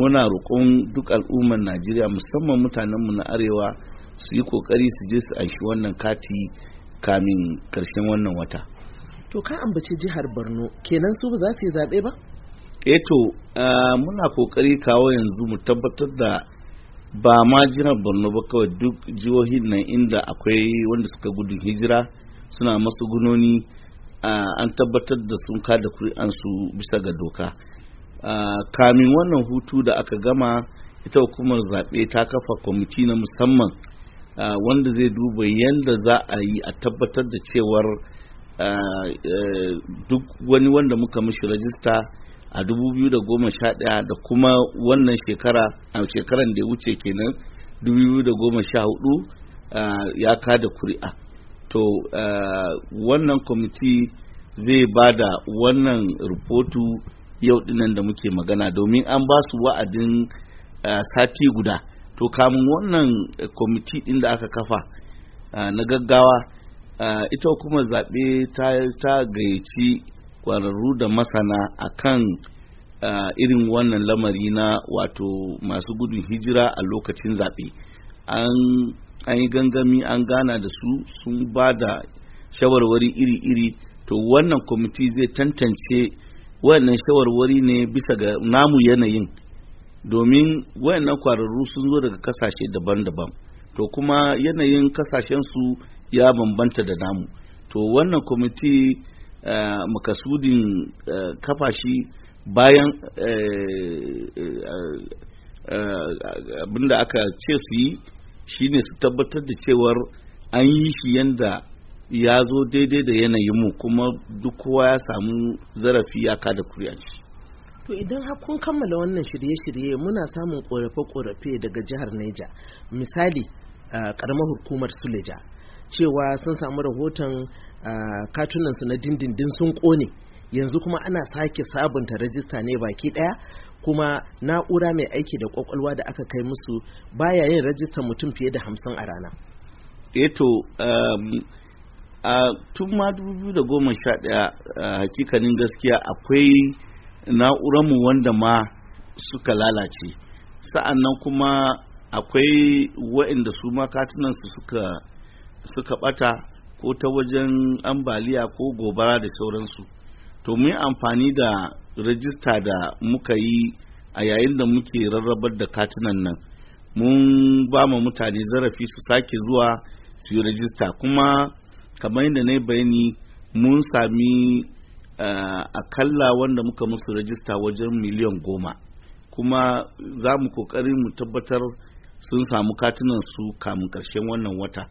muna roƙon duk al'ummar najeriya musamman mutanenmu na arewa su yi ƙoƙari su je su anshi wannan kati kamin karshen wannan wata to ka ambaci jihar borno kenan su ba za su yi zaɓe ba eto eh to muna kokari kawo yanzu mu tabbatar da ba ma jihar borno ba kawai duk jihohin nan inda akwai wanda suka gudun hijira suna masu gunoni an tabbatar da sun kada kuri'ansu bisa ga doka kamin wannan hutu da aka gama ita hukumar zaɓe ta kafa kwamiti na musamman wanda zai duba yadda za a yi a tabbatar da cewar e, duk wani wanda muka mishi rajista a 2011 da kuma wannan shekara a shekaran da ya wuce kenan 2014 ya kada kuri'a to wannan kwamiti zai ba da wannan rubutu yau dinnan da muke magana domin an ba su wa'adin eh, sati guda to kamun wannan kwamiti din da aka kafa eh, na gaggawa eh, ita kuma zaɓe ta gayyaci kwararru da masana a kan irin wannan lamari na wato masu gudun hijira a lokacin zaɓe an yi gangami an gana da su sun ba da shawarwari iri-iri to wannan kwamiti zai tantance wayannan shawarwari ne bisa ga namu yanayin domin wayannan kwararru sun zo daga kasashe daban-daban to kuma yanayin kasashensu ya bambanta da namu to wannan kwamiti uh, makasudin uh, eh, kafashi bayan eh, abinda aka ce su yi shine su tabbatar da cewar an yi shi yanda ya zo daidai da yanayin mu kuma duk kowa ya samu zarafi ya kada kuri'a shi to idan har kun kammala wannan shirye-shirye muna samun korafe-korafe daga jihar Neja misali karamar hukumar Suleja cewa sun samu rahoton katunansu na dindindin sun kone yanzu kuma ana sake sabunta rajista ne baki daya kuma na'ura mai aiki da kwakwalwa da aka kai musu baya yin rajistar mutum fiye da hamsin a rana eto eh um, a tun ma 2011 hakikanin gaskiya akwai na'uranmu wanda ma suka lalace sa'an nan kuma akwai waɗanda su ma katunansu suka suka bata ko ta wajen ambaliya ko gobara da sauransu to mu yi amfani da rajista da muka yi a yayin da muke rarrabar da katunan nan mun ba mutane zarafi su sake zuwa su yi rajista kuma kamar yadda na yi bayani mun sami eh, akalla wanda muka musu rajista wajen miliyan goma kuma za mu kokari mu tabbatar sun samu katunan su kamun karshen wannan wata